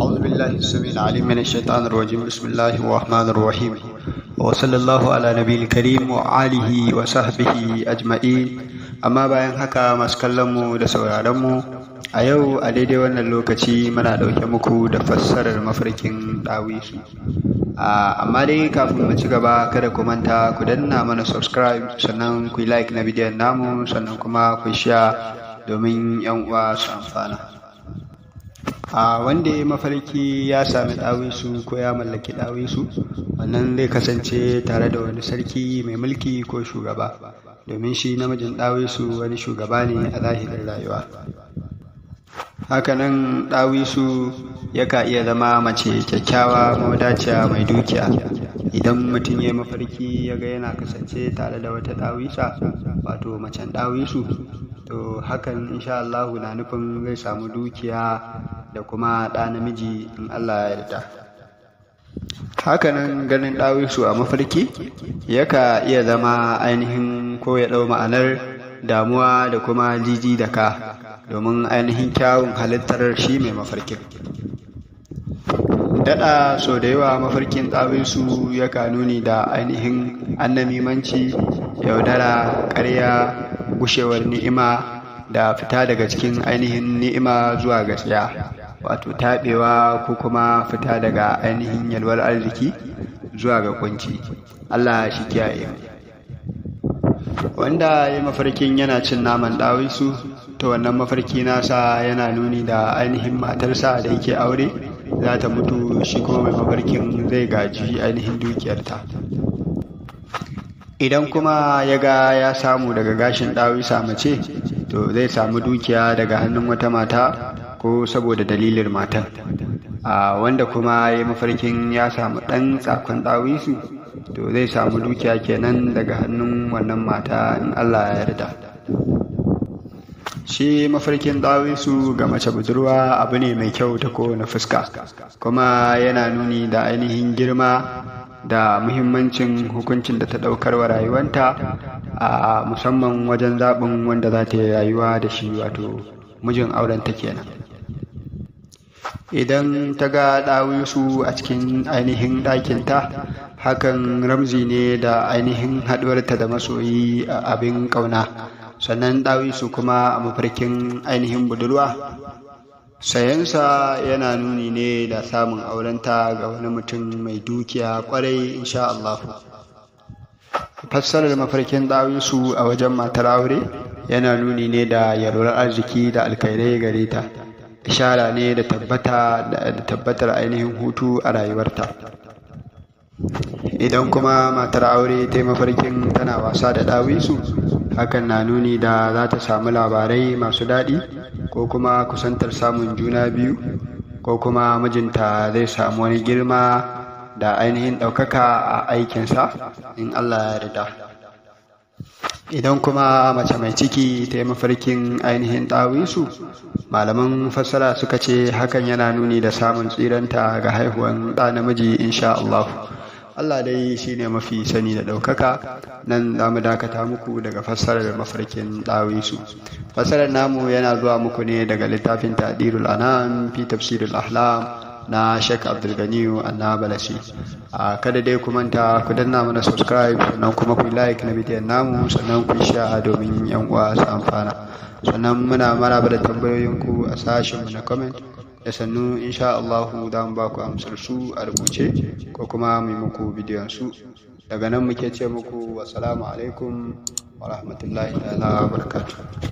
أعوذ بالله السميع العليم من الشيطان الرجيم بسم الله الرحمن الرحيم bayan haka masu kallonmu da sauraronmu a yau a daidai wannan lokaci muna ɗauke muku da fassarar mafarkin ɗawisu amma dai kafin mu ci gaba kada ku manta ku danna mana subscribe sannan ku yi na bidiyon namu sannan kuma ku share domin 'yan uwa su amfana a wanda ya mafarki ya sami ɗawinsu ko ya mallaki ɗawinsu wannan zai kasance tare da wani sarki mai mulki ko shugaba domin shi namijin ɗawinsu wani shugaba ne a zahirin rayuwa hakanan ɗawisu yaka iya zama mace kyakkyawa mawadaciya mai dukiya idan mutum ya mafarki ya ga yana kasance tare da wata ɗawisa wato macen ɗawisu to hakan insha Allah na nufin zai samu dukiya da kuma ɗa namiji in Allah ya yarda hakanan ganin ɗawisu a mafarki yaka iya zama ainihin ko ya ɗau ma'anar damuwa da kuma jiji da ka domin ainihin kyawun halittar shi mai mafarkin daɗa sau da yawa mafarkin ɗawisu yaka nuni da ainihin annamimanci yaudara ƙarya gushewar ni'ima da fita daga cikin ainihin ni'ima zuwa gaskiya wato taɓewa ko kuma fita daga ainihin yalwar arziki zuwa ga kunci Allah shi kiyaye wanda ya mafarkin yana cin naman ɗawisu, to wannan mafarki nasa yana nuni da ainihin matarsa da yake aure za ta mutu shi kuma mai mafarkin zai gaji ainihin dukiyarta idan kuma ya ga ya samu daga gashin ɗawisa mace to zai samu dukiya daga hannun wata mata ko saboda dalilin matan a wanda kuma ya mafarkin ya samu ɗan tsakon ɗawisu to zai samu dukiya kenan daga hannun wannan mata in allah ya yarda shi mafarkin ɗawisu ga mace budurwa abu ne mai kyau ta kowane fuska kuma yana nuni da ainihin girma da muhimmancin hukuncin da ta ɗaukar wa rayuwanta a musamman wajen zaɓin wanda za ta yi rayuwa da shi wato mijin auren ta kenan idan ta ga ɗawinsu a cikin ainihin ɗakinta hakan ramzi ne da ainihin haɗuwarta da masoyi a abin ƙauna sannan ɗawinsu kuma a mafarkin ainihin budurwa sayansa yana nuni ne da samun aurenta ga wani mutum mai dukiya kwarai insha Allah fassarar mafarkin ɗawinsu a wajen matar aure yana nuni ne da yalwar arziki da alkairai gare ta ishara ne da tabbata da tabbatar ainihin hutu a rayuwarta idan kuma matar aure ta yi mafarkin tana wasa da ɗawisu hakan na nuni da za ta samu labarai masu daɗi ko kuma kusantar samun juna biyu ko kuma mijinta zai samu wani girma da ainihin ɗaukaka a aikinsa in allah ya rida. idan kuma mace mai ciki ta yi mafarkin ainihin ɗawisu malaman fassara suka ce hakan yana nuni da samun tsiranta ga haihuwan ɗa namiji insha Allah Allah dai shi ne mafi sani da ɗaukaka nan za mu dakata muku daga fassarar mafarkin ɗawisu fassarar namu yana zuwa muku ne daga littafin ta'adirul anam fi tafsirul ahlam na Sheikh Abdulganiyu Annabalasi a kada dai ku manta ku danna mana subscribe sannan kuma ku like na bidiyon namu sannan ku share domin yan uwa su amfana sannan muna maraba da tambayoyin ku a sashen na comment da sannu insha Allah za mu ba ku amsar su a rubuce ko kuma mu muku bidiyon su daga nan muke ce muku assalamu alaikum wa rahmatullahi ta'ala wa barakatuh